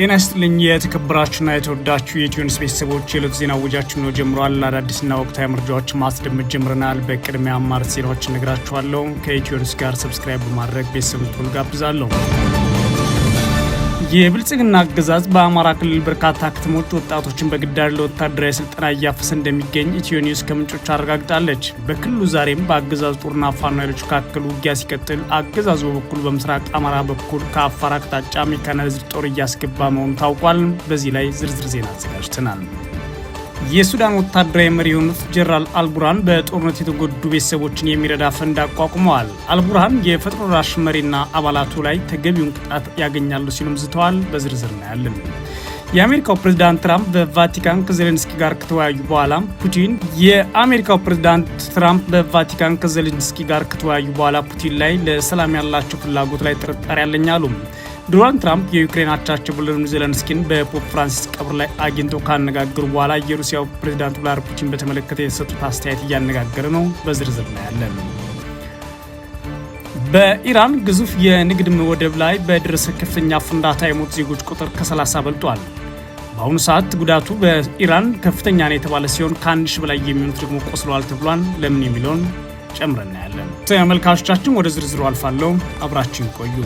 ጤና ይስጥልኝ የተከበራችሁና የተወዳችሁ የኢትዮኒውስ ቤተሰቦች የዕለቱ ዜና ውጃችን ነው ጀምሯል። አዳዲስና ወቅታዊ መረጃዎች ማስደመጥ ጀምረናል። በቅድሚያ አማርት ዜናዎች ነግራችኋለሁ። ከኢትዮንስ ጋር ሰብስክራይብ በማድረግ ቤተሰብ ልትሆኑ ጋብዛለሁ። የብልጽግና አገዛዝ በአማራ ክልል በርካታ ከተሞች ወጣቶችን በግዳጅ ለወታደራዊ ስልጠና እያፈሰ እንደሚገኝ ኢትዮ ኒውስ ከምንጮች አረጋግጣለች። በክልሉ ዛሬም በአገዛዝ ጦርና ፋኖ ኃይሎች መካከል ውጊያ ሲቀጥል፣ አገዛዙ በበኩሉ በምስራቅ አማራ በኩል ከአፋር አቅጣጫ ሜካናይዝድ ጦር እያስገባ መሆኑ ታውቋል። በዚህ ላይ ዝርዝር ዜና አዘጋጅተናል። የሱዳን ወታደራዊ መሪ የሆኑት ጀነራል አልቡርሃን በጦርነት የተጎዱ ቤተሰቦችን የሚረዳ ፈንድ አቋቁመዋል። አልቡርሃን የፈጥኖ ደራሽ መሪና አባላቱ ላይ ተገቢውን ቅጣት ያገኛሉ ሲሉም ዝተዋል። በዝርዝር እናያለን። የአሜሪካው ፕሬዝዳንት ትራምፕ በቫቲካን ከዜሌንስኪ ጋር ከተወያዩ በኋላ ፑቲን የአሜሪካው ፕሬዝዳንት ትራምፕ በቫቲካን ከዜሌንስኪ ጋር ከተወያዩ በኋላ ፑቲን ላይ ለሰላም ያላቸው ፍላጎት ላይ ጥርጣሬ ያለኝ ዶናልድ ትራምፕ የዩክሬን አቻቸው ቮሎዲሚር ዜለንስኪን በፖፕ ፍራንሲስ ቀብር ላይ አግኝተው ካነጋገሩ በኋላ የሩሲያው ፕሬዚዳንት ቭላድሚር ፑቲን በተመለከተ የሰጡት አስተያየት እያነጋገረ ነው። በዝርዝር እናያለን። በኢራን ግዙፍ የንግድ ወደብ ላይ በደረሰ ከፍተኛ ፍንዳታ የሞት ዜጎች ቁጥር ከ30 በልጧል። በአሁኑ ሰዓት ጉዳቱ በኢራን ከፍተኛ ነው የተባለ ሲሆን ከአንድ ሺህ በላይ የሚሆኑት ደግሞ ቆስለዋል ተብሏል። ለምን የሚለውን ጨምረና ያለን ተመልካቾቻችን ወደ ዝርዝሩ አልፋለሁ። አብራችን ቆዩ።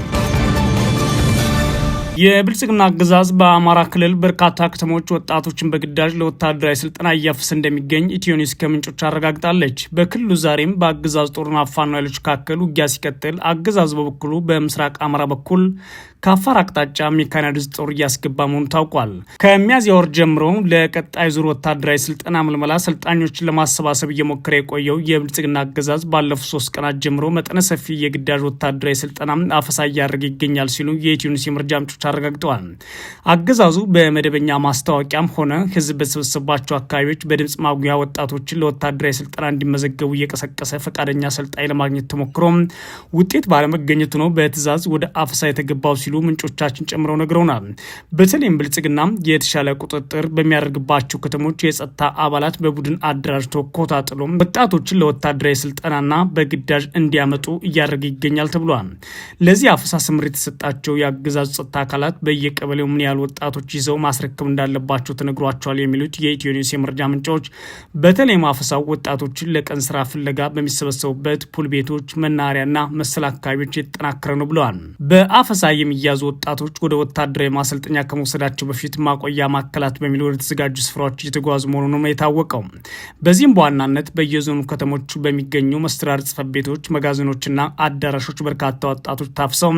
የብልጽግና አገዛዝ በአማራ ክልል በርካታ ከተሞች ወጣቶችን በግዳጅ ለወታደራዊ ስልጠና እያፈሰ እንደሚገኝ ኢትዮኒስ ከምንጮች አረጋግጣለች። በክልሉ ዛሬም በአገዛዝ ጦርና ፋኖ ኃይሎች መካከል ውጊያ ሲቀጥል፣ አገዛዝ በበኩሉ በምስራቅ አማራ በኩል ከአፋር አቅጣጫ ሜካናይዝድ ጦር እያስገባ መሆኑ ታውቋል። ከሚያዝያ ወር ጀምሮ ለቀጣይ ዙር ወታደራዊ ስልጠና ምልመላ ሰልጣኞችን ለማሰባሰብ እየሞከረ የቆየው የብልጽግና አገዛዝ ባለፉት ሶስት ቀናት ጀምሮ መጠነ ሰፊ የግዳጅ ወታደራዊ ስልጠና አፈሳ እያደረገ ይገኛል ሲሉ የኢትዮኒስ የመረጃ ምንጮች አረጋግጠዋል። አገዛዙ በመደበኛ ማስታወቂያም ሆነ ህዝብ በተሰበሰባቸው አካባቢዎች በድምፅ ማጉያ ወጣቶችን ለወታደራዊ ስልጠና እንዲመዘገቡ እየቀሰቀሰ ፈቃደኛ ሰልጣኝ ለማግኘት ተሞክሮ ውጤት ባለመገኘቱ ነው በትዕዛዝ ወደ አፈሳ የተገባው ሲሉ ሲሉ ምንጮቻችን ጨምረው ነግረውናል። በተለይም ብልጽግና የተሻለ ቁጥጥር በሚያደርግባቸው ከተሞች የጸጥታ አባላት በቡድን አደራጅቶ ኮታጥሎ ወጣቶችን ለወታደራዊ ስልጠናና በግዳጅ እንዲያመጡ እያደረገ ይገኛል ተብሏል። ለዚህ አፈሳ ስምር የተሰጣቸው የአገዛዙ ጸጥታ አካላት በየቀበሌው ምን ያህል ወጣቶች ይዘው ማስረከብ እንዳለባቸው ተነግሯቸዋል የሚሉት የኢትዮ ኒውስ የመረጃ ምንጫዎች በተለይም አፈሳው ወጣቶችን ለቀን ስራ ፍለጋ በሚሰበሰቡበት ፑል ቤቶች፣ መናኸሪያና መሰል አካባቢዎች የተጠናከረ ነው ብለዋል። በአፈሳ የሚ የሚያዙ ወጣቶች ወደ ወታደራዊ ማሰልጠኛ ከመውሰዳቸው በፊት ማቆያ ማዕከላት በሚል ወደ ተዘጋጁ ስፍራዎች እየተጓዙ መሆኑ የታወቀው። በዚህም በዋናነት በየዞኑ ከተሞች በሚገኙ መስተዳድር ጽፈት ቤቶች፣ መጋዘኖችና አዳራሾች በርካታ ወጣቶች ታፍሰው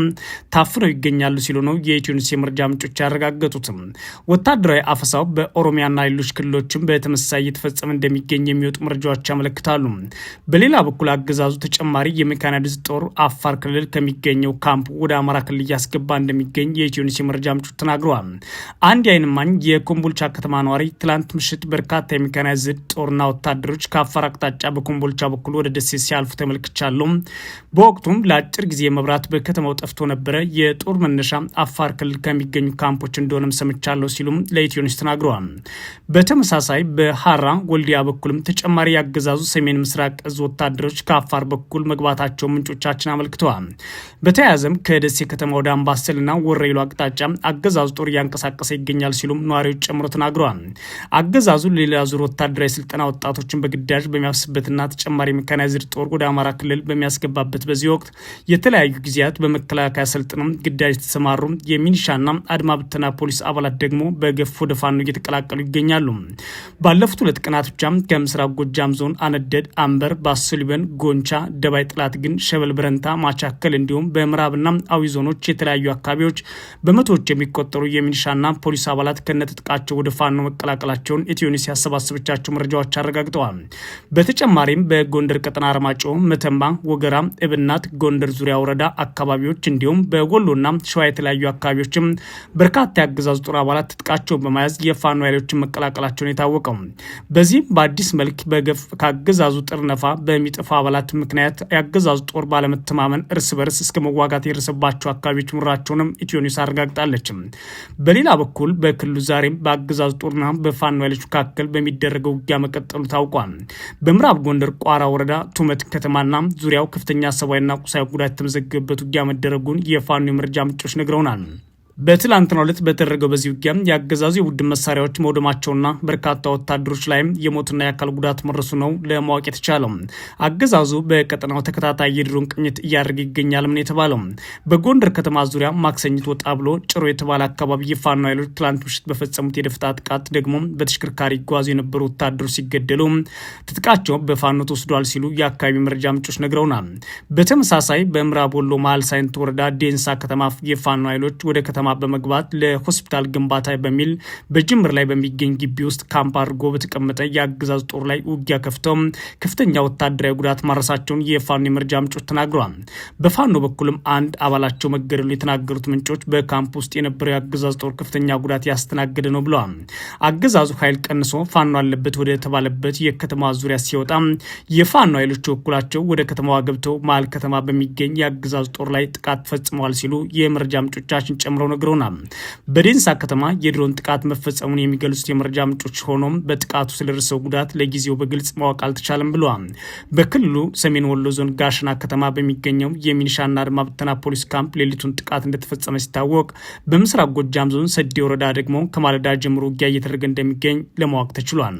ታፍነው ይገኛሉ ሲሉ ነው የኢትዮኒስ የመረጃ ምንጮች ያረጋገጡትም። ወታደራዊ አፈሳው በኦሮሚያና ሌሎች ክልሎችም በተመሳሳይ እየተፈጸመ እንደሚገኝ የሚወጡ መረጃዎች ያመለክታሉ። በሌላ በኩል አገዛዙ ተጨማሪ የሜካናይዝድ ጦር አፋር ክልል ከሚገኘው ካምፕ ወደ አማራ ክልል እያስገባ እንደሚገኝ የኢትዮኒስ የመረጃ ምንጮች ተናግረዋል። አንድ የዓይን እማኝ የኮምቦልቻ ከተማ ነዋሪ ትላንት ምሽት በርካታ የሜካናይዝድ ጦርና ወታደሮች ከአፋር አቅጣጫ በኮምቦልቻ በኩል ወደ ደሴ ሲያልፉ ተመልክቻለሁ። በወቅቱም ለአጭር ጊዜ መብራት በከተማው ጠፍቶ ነበረ። የጦር መነሻ አፋር ክልል ከሚገኙ ካምፖች እንደሆነም ሰምቻለሁ ሲሉም ለኢትዮኒስ ተናግረዋል። በተመሳሳይ በሀራ ወልዲያ በኩልም ተጨማሪ ያገዛዙ ሰሜን ምስራቅ እዝ ወታደሮች ከአፋር በኩል መግባታቸው ምንጮቻችን አመልክተዋል። በተያያዘም ከደሴ ከተማ ወደ አምባ አምባሰልና ወረይሉ አቅጣጫ አገዛዙ ጦር እያንቀሳቀሰ ይገኛል ሲሉም ነዋሪዎች ጨምሮ ተናግረዋል። አገዛዙ ሌላ ዙር ወታደራዊ ስልጠና ወጣቶችን በግዳጅ በሚያፍስበትና ተጨማሪ ሜካናይዝድ ጦር ወደ አማራ ክልል በሚያስገባበት በዚህ ወቅት የተለያዩ ጊዜያት በመከላከያ ሰልጥነው ግዳጅ የተሰማሩ የሚኒሻና አድማ ብተና ፖሊስ አባላት ደግሞ በገፍ ወደ ፋኖ እየተቀላቀሉ ይገኛሉ። ባለፉት ሁለት ቀናት ብቻ ከምስራቅ ጎጃም ዞን አነደድ፣ አንበር፣ ባሶሊበን፣ ጎንቻ፣ ደባይ ጥላት ግን ሸበል ብረንታ፣ ማቻከል እንዲሁም በምዕራብና አዊ ዞኖች የተለያዩ በተለያዩ አካባቢዎች በመቶዎች የሚቆጠሩ የሚኒሻና ፖሊስ አባላት ከነትጥቃቸው ወደ ፋኖ መቀላቀላቸውን ኢትዮኒስ ያሰባሰበቻቸው መረጃዎች አረጋግጠዋል። በተጨማሪም በጎንደር ቀጠና አርማጮ፣ መተማ፣ ወገራ፣ እብናት፣ ጎንደር ዙሪያ ወረዳ አካባቢዎች እንዲሁም በወሎና ሸዋ የተለያዩ አካባቢዎችም በርካታ የአገዛዙ ጦር አባላት ትጥቃቸውን በመያዝ የፋኖ ኃይሎችን መቀላቀላቸውን የታወቀው በዚህም በአዲስ መልክ በገፍ ከአገዛዙ ጥርነፋ በሚጠፋ አባላት ምክንያት የአገዛዙ ጦር ባለመተማመን እርስ በርስ እስከ መዋጋት የደረሰባቸው አካባቢዎች መኖራቸውንም ኢትዮኒስ አረጋግጣለች። በሌላ በኩል በክልሉ ዛሬም በአገዛዝ ጦርና በፋኖ ኃይሎች መካከል በሚደረገው ውጊያ መቀጠሉ ታውቋል። በምዕራብ ጎንደር ቋራ ወረዳ ቱመት ከተማና ዙሪያው ከፍተኛ ሰብአዊና ቁሳዊ ጉዳት የተመዘገበበት ውጊያ መደረጉን የፋኖ የመረጃ ምንጮች ነግረውናል። በትላንትናው ዕለት በተደረገው በዚህ ውጊያ የአገዛዙ የቡድን መሳሪያዎች መውደማቸውና በርካታ ወታደሮች ላይም የሞትና የአካል ጉዳት መድረሱ ነው ለማወቅ የተቻለው። አገዛዙ በቀጠናው ተከታታይ የድሮን ቅኝት እያደረገ ይገኛል ምን የተባለው በጎንደር ከተማ ዙሪያ ማክሰኝት ወጣ ብሎ ጭሮ የተባለ አካባቢ የፋኖ ኃይሎች ትላንት ምሽት በፈጸሙት የደፈጣ ጥቃት ደግሞ በተሽከርካሪ ይጓዙ የነበሩ ወታደሮች ሲገደሉ ትጥቃቸው በፋኖ ተወስዷል ሲሉ የአካባቢ መረጃ ምንጮች ነግረውናል። በተመሳሳይ በምዕራብ ወሎ መሀል ሳይንት ወረዳ ዴንሳ ከተማ የፋኖ ኃይሎች ወደ ከተማ ከተማ በመግባት ለሆስፒታል ግንባታ በሚል በጅምር ላይ በሚገኝ ግቢ ውስጥ ካምፕ አድርጎ በተቀመጠ የአገዛዝ ጦር ላይ ውጊያ ከፍተው ከፍተኛ ወታደራዊ ጉዳት ማድረሳቸውን የፋኖ የመረጃ ምንጮች ተናግረዋል። በፋኖ በኩልም አንድ አባላቸው መገደሉ የተናገሩት ምንጮች በካምፕ ውስጥ የነበረው የአገዛዝ ጦር ከፍተኛ ጉዳት ያስተናገደ ነው ብለዋል። አገዛዙ ኃይል ቀንሶ ፋኖ አለበት ወደ ተባለበት የከተማ ዙሪያ ሲወጣ የፋኖ ኃይሎች በኩላቸው ወደ ከተማዋ ገብተው መሀል ከተማ በሚገኝ የአገዛዝ ጦር ላይ ጥቃት ፈጽመዋል ሲሉ የመረጃ ምንጮቻችን ጨምረው ነግሮናል። በዴንሳ ከተማ የድሮን ጥቃት መፈጸሙን የሚገልጹት የመረጃ ምንጮች፣ ሆኖም በጥቃቱ ስለደረሰው ጉዳት ለጊዜው በግልጽ ማወቅ አልተቻለም ብለዋል። በክልሉ ሰሜን ወሎ ዞን ጋሸና ከተማ በሚገኘው የሚኒሻና አድማ ብተና ፖሊስ ካምፕ ሌሊቱን ጥቃት እንደተፈጸመ ሲታወቅ፣ በምስራቅ ጎጃም ዞን ሰዴ ወረዳ ደግሞ ከማለዳ ጀምሮ ውጊያ እየተደረገ እንደሚገኝ ለማወቅ ተችሏል።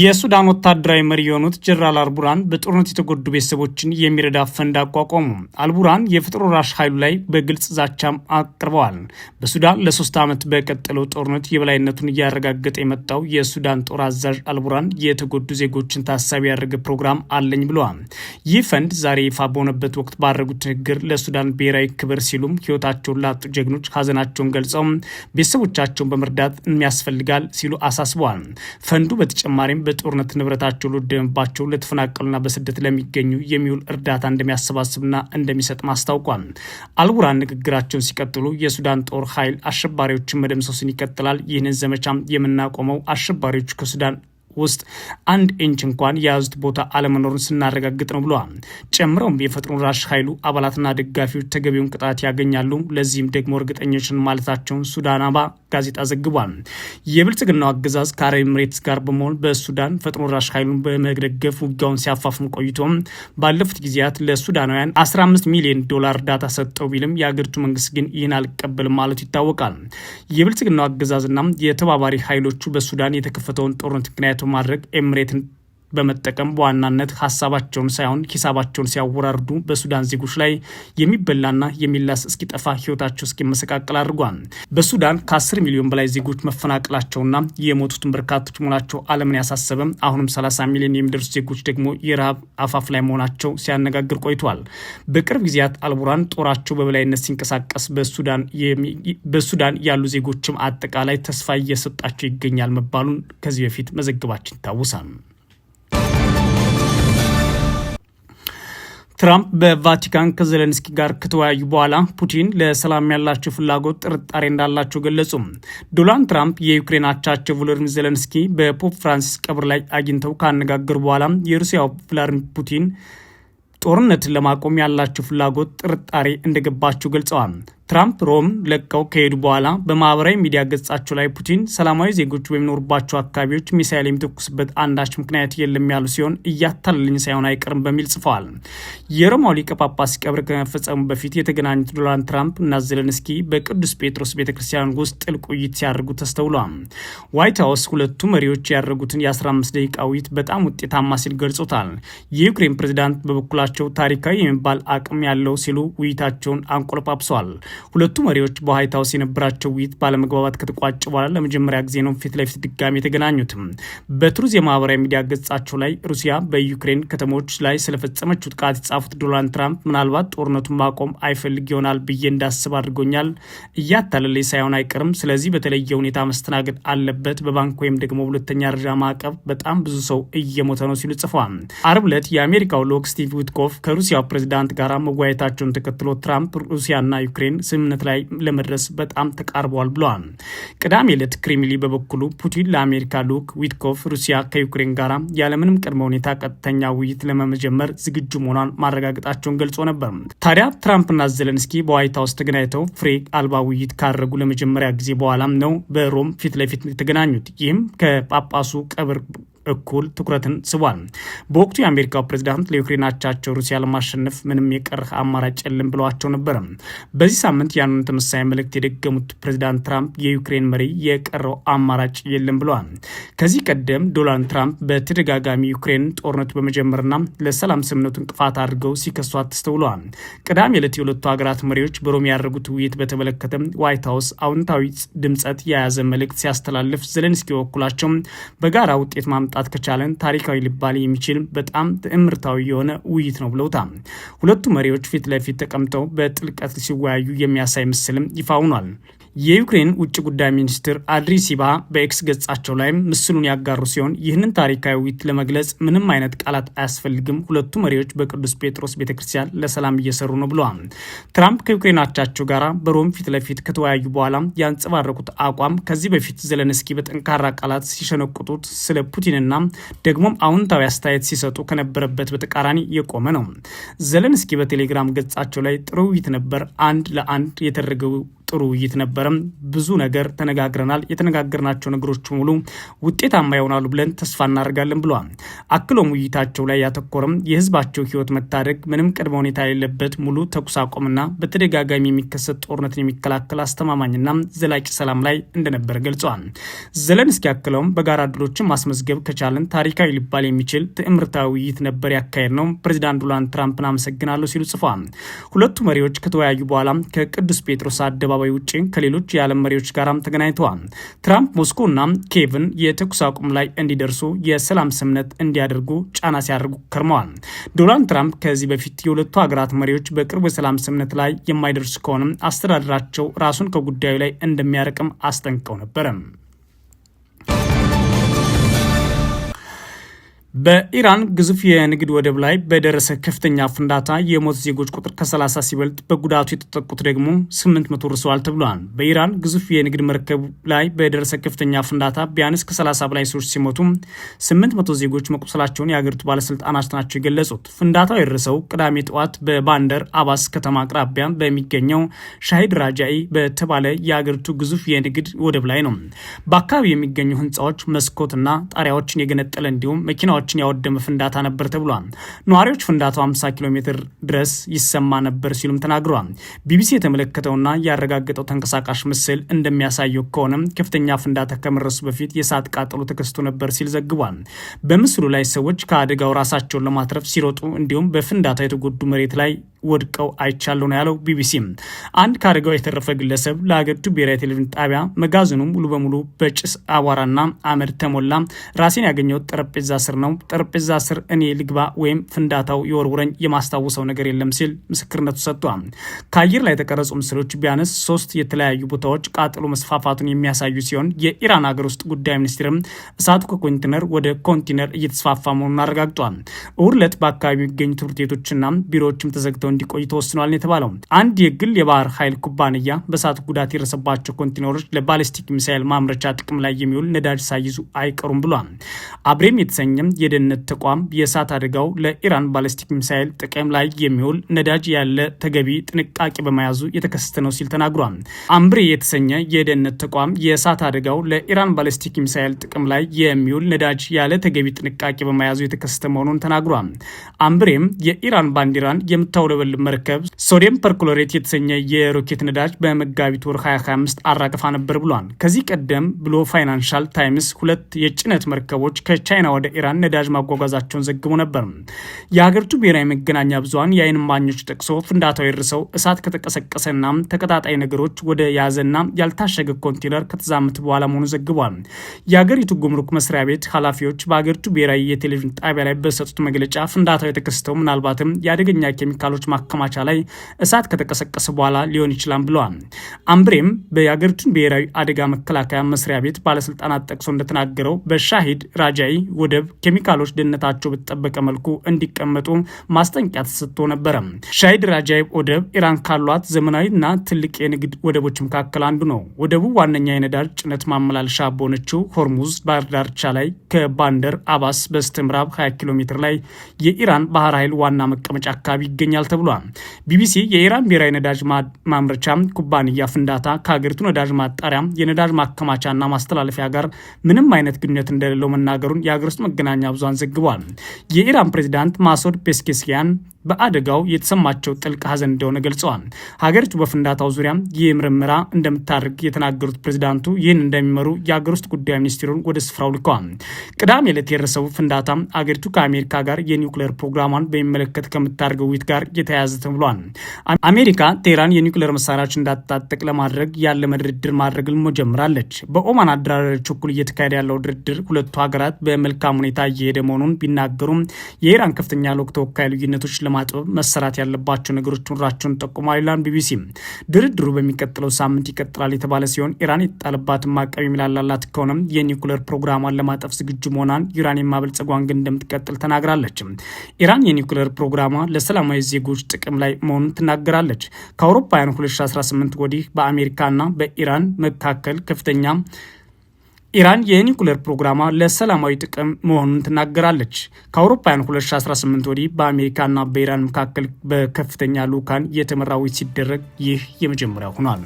የሱዳን ወታደራዊ መሪ የሆኑት ጀነራል አልቡራን በጦርነት የተጎዱ ቤተሰቦችን የሚረዳ ፈንድ አቋቋሙ። አልቡራን የፍጥሮ ራሽ ኃይሉ ላይ በግልጽ ዛቻም አቅርበዋል። በሱዳን ለሶስት ዓመት በቀጠለው ጦርነት የበላይነቱን እያረጋገጠ የመጣው የሱዳን ጦር አዛዥ አልቡራን የተጎዱ ዜጎችን ታሳቢ ያደረገ ፕሮግራም አለኝ ብለዋል። ይህ ፈንድ ዛሬ ይፋ በሆነበት ወቅት ባደረጉት ንግግር ለሱዳን ብሔራዊ ክብር ሲሉም ህይወታቸውን ላጡ ጀግኖች ሀዘናቸውን ገልጸው ቤተሰቦቻቸውን በመርዳት የሚያስፈልጋል ሲሉ አሳስበዋል። ፈንዱ በተጨማሪ በተጨማሪም በጦርነት ንብረታቸው ለወደመባቸው ለተፈናቀሉና በስደት ለሚገኙ የሚውል እርዳታ እንደሚያሰባስብና እንደሚሰጥም አስታውቋል። አልቡራን ንግግራቸውን ሲቀጥሉ የሱዳን ጦር ኃይል አሸባሪዎችን መደምሰሱን ይቀጥላል። ይህንን ዘመቻም የምናቆመው አሸባሪዎች ከሱዳን ውስጥ አንድ ኢንች እንኳን የያዙት ቦታ አለመኖሩን ስናረጋግጥ ነው ብለዋል። ጨምረውም የፈጥኖ ደራሽ ኃይሉ አባላትና ደጋፊዎች ተገቢውን ቅጣት ያገኛሉ፣ ለዚህም ደግሞ እርግጠኞችን ማለታቸውን ሱዳን አባ ጋዜጣ ዘግቧል። የብልጽግናው አገዛዝ ከአረብ ኤምሬትስ ጋር በመሆን በሱዳን ፈጥኖ ደራሽ ኃይሉን በመደገፍ ውጊያውን ሲያፋፍም ቆይቶም ባለፉት ጊዜያት ለሱዳናውያን 15 ሚሊዮን ዶላር እርዳታ ሰጠው ቢልም የአገሪቱ መንግስት ግን ይህን አልቀበልም ማለቱ ይታወቃል። የብልጽግናው አገዛዝና የተባባሪ ኃይሎቹ በሱዳን የተከፈተውን ጦርነት ምክንያት ማድረግ ኤምሬትን በመጠቀም በዋናነት ሀሳባቸውን ሳይሆን ሂሳባቸውን ሲያወራርዱ በሱዳን ዜጎች ላይ የሚበላና የሚላስ እስኪጠፋ ህይወታቸው እስኪመሰቃቀል አድርጓል። በሱዳን ከ10 ሚሊዮን በላይ ዜጎች መፈናቀላቸውና የሞቱትን በርካቶች መሆናቸው ዓለምን ያሳሰበ፣ አሁንም 30 ሚሊዮን የሚደርሱ ዜጎች ደግሞ የረሃብ አፋፍ ላይ መሆናቸው ሲያነጋግር ቆይቷል። በቅርብ ጊዜያት አልቡራን ጦራቸው በበላይነት ሲንቀሳቀስ በሱዳን ያሉ ዜጎችም አጠቃላይ ተስፋ እየሰጣቸው ይገኛል መባሉን ከዚህ በፊት መዘግባችን ይታወሳል። ትራምፕ በቫቲካን ከዘለንስኪ ጋር ከተወያዩ በኋላ ፑቲን ለሰላም ያላቸው ፍላጎት ጥርጣሬ እንዳላቸው ገለጹ። ዶናልድ ትራምፕ የዩክሬን አቻቸው ቮሎዲሚር ዘለንስኪ በፖፕ ፍራንሲስ ቀብር ላይ አግኝተው ካነጋገሩ በኋላ የሩሲያው ቭላድሚር ፑቲን ጦርነት ለማቆም ያላቸው ፍላጎት ጥርጣሬ እንደገባቸው ገልጸዋል። ትራምፕ ሮም ለቀው ከሄዱ በኋላ በማህበራዊ ሚዲያ ገጻቸው ላይ ፑቲን ሰላማዊ ዜጎች በሚኖሩባቸው አካባቢዎች ሚሳይል የሚተኩስበት አንዳች ምክንያት የለም ያሉ ሲሆን እያታለልኝ ሳይሆን አይቀርም በሚል ጽፈዋል። የሮማው ሊቀ ጳጳስ ቀብር ከመፈጸሙ በፊት የተገናኙት ዶናልድ ትራምፕ እና ዘለንስኪ በቅዱስ ጴጥሮስ ቤተክርስቲያን ውስጥ ጥልቅ ውይይት ሲያደርጉ ተስተውሏል። ዋይት ሀውስ ሁለቱ መሪዎች ያደረጉትን የ15 ደቂቃ ውይይት በጣም ውጤታማ ሲል ገልጾታል። የዩክሬን ፕሬዚዳንት በበኩላቸው ታሪካዊ የሚባል አቅም ያለው ሲሉ ውይይታቸውን አንቆለጳብሰዋል። ሁለቱ መሪዎች በዋይት ሀውስ የነበራቸው ውይይት ባለመግባባት ከተቋጭ በኋላ ለመጀመሪያ ጊዜ ነው ፊት ለፊት ድጋሚ የተገናኙትም። በትሩዝ የማህበራዊ ሚዲያ ገጻቸው ላይ ሩሲያ በዩክሬን ከተሞች ላይ ስለፈጸመችው ጥቃት የጻፉት ዶናልድ ትራምፕ ምናልባት ጦርነቱን ማቆም አይፈልግ ይሆናል ብዬ እንዳስብ አድርጎኛል። እያታለለኝ ሳይሆን አይቀርም። ስለዚህ በተለየ ሁኔታ መስተናገድ አለበት። በባንክ ወይም ደግሞ ሁለተኛ ደረጃ ማዕቀብ በጣም ብዙ ሰው እየሞተ ነው ሲሉ ጽፏል። አርብ ዕለት የአሜሪካው ሎክ ስቲቭ ዊትኮፍ ከሩሲያው ፕሬዚዳንት ጋር መወያየታቸውን ተከትሎ ትራምፕ ሩሲያና ዩክሬን ስምምነት ላይ ለመድረስ በጣም ተቃርበዋል ብለዋል። ቅዳሜ ዕለት ክሬምሊ በበኩሉ ፑቲን ለአሜሪካ ልዑክ ዊትኮፍ ሩሲያ ከዩክሬን ጋር ያለምንም ቅድመ ሁኔታ ቀጥተኛ ውይይት ለመጀመር ዝግጁ መሆኗን ማረጋገጣቸውን ገልጾ ነበር። ታዲያ ትራምፕና ዘለንስኪ በዋይት ሀውስ ተገናኝተው ፍሬ አልባ ውይይት ካደረጉ ለመጀመሪያ ጊዜ በኋላም ነው በሮም ፊት ለፊት የተገናኙት። ይህም ከጳጳሱ ቀብር እኩል ትኩረትን ስቧል። በወቅቱ የአሜሪካው ፕሬዚዳንት ለዩክሬን አቻቸው ሩሲያ ለማሸነፍ ምንም የቀረህ አማራጭ የለም ብለዋቸው ነበር። በዚህ ሳምንት ያንን ተመሳሳይ መልእክት የደገሙት ፕሬዚዳንት ትራምፕ የዩክሬን መሪ የቀረው አማራጭ የለም ብለዋል። ከዚህ ቀደም ዶናልድ ትራምፕ በተደጋጋሚ ዩክሬን ጦርነቱ በመጀመርና ለሰላም ስምምነቱ እንቅፋት አድርገው ሲከሷት ተስተውለዋል። ቅዳሜ ዕለት የሁለቱ ሀገራት መሪዎች በሮም ያደረጉት ውይይት በተመለከተ ዋይት ሀውስ አውንታዊ ድምጸት የያዘ መልእክት ሲያስተላልፍ፣ ዘለንስኪ በበኩላቸው በጋራ ውጤት ማምጣት ማምጣት ከቻለን ታሪካዊ ሊባል የሚችል በጣም ትዕምርታዊ የሆነ ውይይት ነው ብለውታል። ሁለቱ መሪዎች ፊት ለፊት ተቀምጠው በጥልቀት ሲወያዩ የሚያሳይ ምስልም ይፋ ሆኗል። የዩክሬን ውጭ ጉዳይ ሚኒስትር አድሪ ሲባ በኤክስ ገጻቸው ላይ ምስሉን ያጋሩ ሲሆን ይህንን ታሪካዊ ውይይት ለመግለጽ ምንም አይነት ቃላት አያስፈልግም፣ ሁለቱ መሪዎች በቅዱስ ጴጥሮስ ቤተክርስቲያን ለሰላም እየሰሩ ነው ብለዋል። ትራምፕ ከዩክሬን አቻቸው ጋር በሮም ፊት ለፊት ከተወያዩ በኋላ ያንጸባረቁት አቋም ከዚህ በፊት ዘለንስኪ በጠንካራ ቃላት ሲሸነቁጡት ስለ ፑቲንና ደግሞም አዎንታዊ አስተያየት ሲሰጡ ከነበረበት በተቃራኒ የቆመ ነው። ዘለንስኪ በቴሌግራም ገጻቸው ላይ ጥሩ ውይይት ነበር፣ አንድ ለአንድ የተደረገው ጥሩ ውይይት ነበረም። ብዙ ነገር ተነጋግረናል። የተነጋገርናቸው ነገሮች ሙሉ ውጤታማ ይሆናሉ ብለን ተስፋ እናደርጋለን ብለዋል። አክሎም ውይይታቸው ላይ ያተኮረም የህዝባቸው ህይወት መታደግ ምንም ቅድመ ሁኔታ የሌለበት ሙሉ ተኩስ አቁምና በተደጋጋሚ የሚከሰት ጦርነትን የሚከላከል አስተማማኝና ዘላቂ ሰላም ላይ እንደነበር ገልጸዋል። ዘለንስኪ አክለውም በጋራ ድሎችን ማስመዝገብ ከቻለን ታሪካዊ ሊባል የሚችል ትዕምርታዊ ውይይት ነበር ያካሄድ ነው። ፕሬዚዳንት ዶናልድ ትራምፕን አመሰግናለሁ ሲሉ ጽፏል። ሁለቱ መሪዎች ከተወያዩ በኋላ ከቅዱስ ጴጥሮስ አደባባይ አበባዊ ውጭ ከሌሎች የዓለም መሪዎች ጋርም ተገናኝተዋል። ትራምፕ ሞስኮና ኬቭን የተኩስ አቁም ላይ እንዲደርሱ የሰላም ስምነት እንዲያደርጉ ጫና ሲያደርጉ ከርመዋል። ዶናልድ ትራምፕ ከዚህ በፊት የሁለቱ ሀገራት መሪዎች በቅርቡ የሰላም ስምነት ላይ የማይደርሱ ከሆነም አስተዳደራቸው ራሱን ከጉዳዩ ላይ እንደሚያርቅም አስጠንቀው ነበረም። በኢራን ግዙፍ የንግድ ወደብ ላይ በደረሰ ከፍተኛ ፍንዳታ የሞት ዜጎች ቁጥር ከ30 ሲበልጥ በጉዳቱ የተጠቁት ደግሞ 800 ርሰዋል ተብሏል። በኢራን ግዙፍ የንግድ መርከብ ላይ በደረሰ ከፍተኛ ፍንዳታ ቢያንስ ከ30 በላይ ሰዎች ሲሞቱ 800 ዜጎች መቁሰላቸውን የአገሪቱ ባለስልጣናት ናቸው የገለጹት። ፍንዳታው የደረሰው ቅዳሜ ጠዋት በባንደር አባስ ከተማ አቅራቢያ በሚገኘው ሻሂድ ራጃኢ በተባለ የአገሪቱ ግዙፍ የንግድ ወደብ ላይ ነው። በአካባቢ የሚገኙ ህንፃዎች መስኮትና ጣሪያዎችን የገነጠለ እንዲሁም መኪናዎች ሕንፃዎችን ያወደመ ፍንዳታ ነበር ተብሏል። ነዋሪዎች ፍንዳታው 50 ኪሎ ሜትር ድረስ ይሰማ ነበር ሲሉም ተናግረዋል። ቢቢሲ የተመለከተውና ያረጋገጠው ተንቀሳቃሽ ምስል እንደሚያሳየው ከሆነ ከፍተኛ ፍንዳታ ከመድረሱ በፊት የእሳት ቃጠሎ ተከስቶ ነበር ሲል ዘግቧል። በምስሉ ላይ ሰዎች ከአደጋው ራሳቸውን ለማትረፍ ሲሮጡ እንዲሁም በፍንዳታ የተጎዱ መሬት ላይ ወድቀው አይቻለሁ ነው ያለው ቢቢሲ። አንድ ከአደጋው የተረፈ ግለሰብ ለሀገሪቱ ብሔራዊ ቴሌቪዥን ጣቢያ መጋዘኑ ሙሉ በሙሉ በጭስ አቧራና አመድ ተሞላ። ራሴን ያገኘው ጠረጴዛ ስር ነው። ጠረጴዛ ስር እኔ ልግባ ወይም ፍንዳታው የወርውረኝ የማስታውሰው ነገር የለም ሲል ምስክርነቱ ሰጥቷል። ከአየር ላይ የተቀረጹ ምስሎች ቢያንስ ሶስት የተለያዩ ቦታዎች ቃጠሎ መስፋፋቱን የሚያሳዩ ሲሆን የኢራን ሀገር ውስጥ ጉዳይ ሚኒስትርም እሳቱ ከኮንቲነር ወደ ኮንቲነር እየተስፋፋ መሆኑን አረጋግጧል። እሁድ ዕለት በአካባቢ የሚገኙ ትምህርት ቤቶችና ቢሮዎችም ተዘግተው እንዲቆይ ተወስኗል የተባለው። አንድ የግል የባህር ኃይል ኩባንያ በእሳት ጉዳት የደረሰባቸው ኮንቴነሮች ለባሊስቲክ ሚሳይል ማምረቻ ጥቅም ላይ የሚውል ነዳጅ ሳይዙ አይቀሩም ብሏል። አብሬም የተሰኘም የደህንነት ተቋም የእሳት አደጋው ለኢራን ባሊስቲክ ሚሳይል ጥቅም ላይ የሚውል ነዳጅ ያለ ተገቢ ጥንቃቄ በመያዙ የተከሰተ ነው ሲል ተናግሯል። አምብሬ የተሰኘ የደህንነት ተቋም የእሳት አደጋው ለኢራን ባሊስቲክ ሚሳይል ጥቅም ላይ የሚውል ነዳጅ ያለ ተገቢ ጥንቃቄ በመያዙ የተከሰተ መሆኑን ተናግሯል። አምብሬም የኢራን ባንዲራን የምታውለበ የወል መርከብ ሶዲየም ፐርክሎሬት የተሰኘ የሮኬት ነዳጅ በመጋቢት ወር 2025 አራቅፋ ነበር ብሏል። ከዚህ ቀደም ብሎ ፋይናንሻል ታይምስ ሁለት የጭነት መርከቦች ከቻይና ወደ ኢራን ነዳጅ ማጓጓዛቸውን ዘግቦ ነበር። የሀገሪቱ ብሔራዊ መገናኛ ብዙኃን የአይን እማኞች ጠቅሶ ፍንዳታው የደረሰው እሳት ከተቀሰቀሰና ተቀጣጣይ ነገሮች ወደ ያዘና ያልታሸገ ኮንቴነር ከተዛመተ በኋላ መሆኑ ዘግቧል። የሀገሪቱ ጉምሩክ መስሪያ ቤት ኃላፊዎች በሀገሪቱ ብሔራዊ የቴሌቪዥን ጣቢያ ላይ በሰጡት መግለጫ ፍንዳታው የተከሰተው ምናልባትም የአደገኛ ኬሚካሎች ማከማቻ ላይ እሳት ከተቀሰቀሰ በኋላ ሊሆን ይችላል ብለዋል። አምብሬም የአገሪቱን ብሔራዊ አደጋ መከላከያ መስሪያ ቤት ባለስልጣናት ጠቅሶ እንደተናገረው በሻሂድ ራጃይ ወደብ ኬሚካሎች ደህንነታቸው በተጠበቀ መልኩ እንዲቀመጡ ማስጠንቂያ ተሰጥቶ ነበረ። ሻሂድ ራጃይ ወደብ ኢራን ካሏት ዘመናዊና ትልቅ የንግድ ወደቦች መካከል አንዱ ነው። ወደቡ ዋነኛ የነዳጅ ጭነት ማመላለሻ በሆነችው ሆርሙዝ ባህር ዳርቻ ላይ ከባንደር አባስ በስተ ምዕራብ 20 ኪሎ ሜትር ላይ የኢራን ባህር ኃይል ዋና መቀመጫ አካባቢ ይገኛል ተብሏል። ተብሏል። ቢቢሲ የኢራን ብሔራዊ ነዳጅ ማምረቻ ኩባንያ ፍንዳታ ከሀገሪቱ ነዳጅ ማጣሪያ የነዳጅ ማከማቻና ማስተላለፊያ ጋር ምንም አይነት ግንኙነት እንደሌለው መናገሩን የሀገር ውስጥ መገናኛ ብዙሃን ዘግቧል። የኢራን ፕሬዚዳንት ማሶድ ፔስኬስኪያን በአደጋው የተሰማቸው ጥልቅ ሐዘን እንደሆነ ገልጸዋል። ሀገሪቱ በፍንዳታው ዙሪያ ይህ ምርመራ እንደምታደርግ የተናገሩት ፕሬዚዳንቱ ይህን እንደሚመሩ የአገር ውስጥ ጉዳይ ሚኒስትሩን ወደ ስፍራው ልከዋል። ቅዳሜ ዕለት የደረሰው ፍንዳታ አገሪቱ ከአሜሪካ ጋር የኒውክሌር ፕሮግራሟን በሚመለከት ከምታደርገው ውይይት ጋር የተ ተያዘ ተብሏል። አሜሪካ ቴህራን የኒውክሌር መሳሪያዎች እንዳትታጠቅ ለማድረግ ያለመ ድርድር ማድረግ ጀምራለች። በኦማን አደራዳሪዎች እኩል እየተካሄደ ያለው ድርድር ሁለቱ ሀገራት በመልካም ሁኔታ እየሄደ መሆኑን ቢናገሩም የኢራን ከፍተኛ ልዑክ ተወካይ ልዩነቶች ለማጥበብ መሰራት ያለባቸው ነገሮች ኑራቸውን ጠቁሟል ይላል ቢቢሲ። ድርድሩ በሚቀጥለው ሳምንት ይቀጥላል የተባለ ሲሆን ኢራን የተጣለባትን ማዕቀብ የሚላላላት ከሆነም የኒውክሌር ፕሮግራሟን ለማጠፍ ዝግጁ መሆኗን ኢራን የማበልጸጓን ግን እንደምትቀጥል ተናግራለች። ኢራን የኒውክሌር ፕሮግራሟ ለሰላማዊ ዜጎ መድኃኒቶች ጥቅም ላይ መሆኑን ትናገራለች። ከአውሮፓውያን 2018 ወዲህ በአሜሪካና በኢራን መካከል ከፍተኛ ኢራን የኒኩሌር ፕሮግራሟ ለሰላማዊ ጥቅም መሆኑን ትናገራለች። ከአውሮፓውያን 2018 ወዲህ በአሜሪካና በኢራን መካከል በከፍተኛ ልዑካን የተመራዊ ሲደረግ ይህ የመጀመሪያ ሆኗል።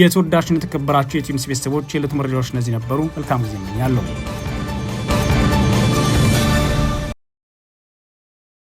የተወዳችሁን የተከበራችሁ የቲዩኒስ ቤተሰቦች የዕለቱ መረጃዎች እነዚህ ነበሩ። መልካም ጊዜ ያለው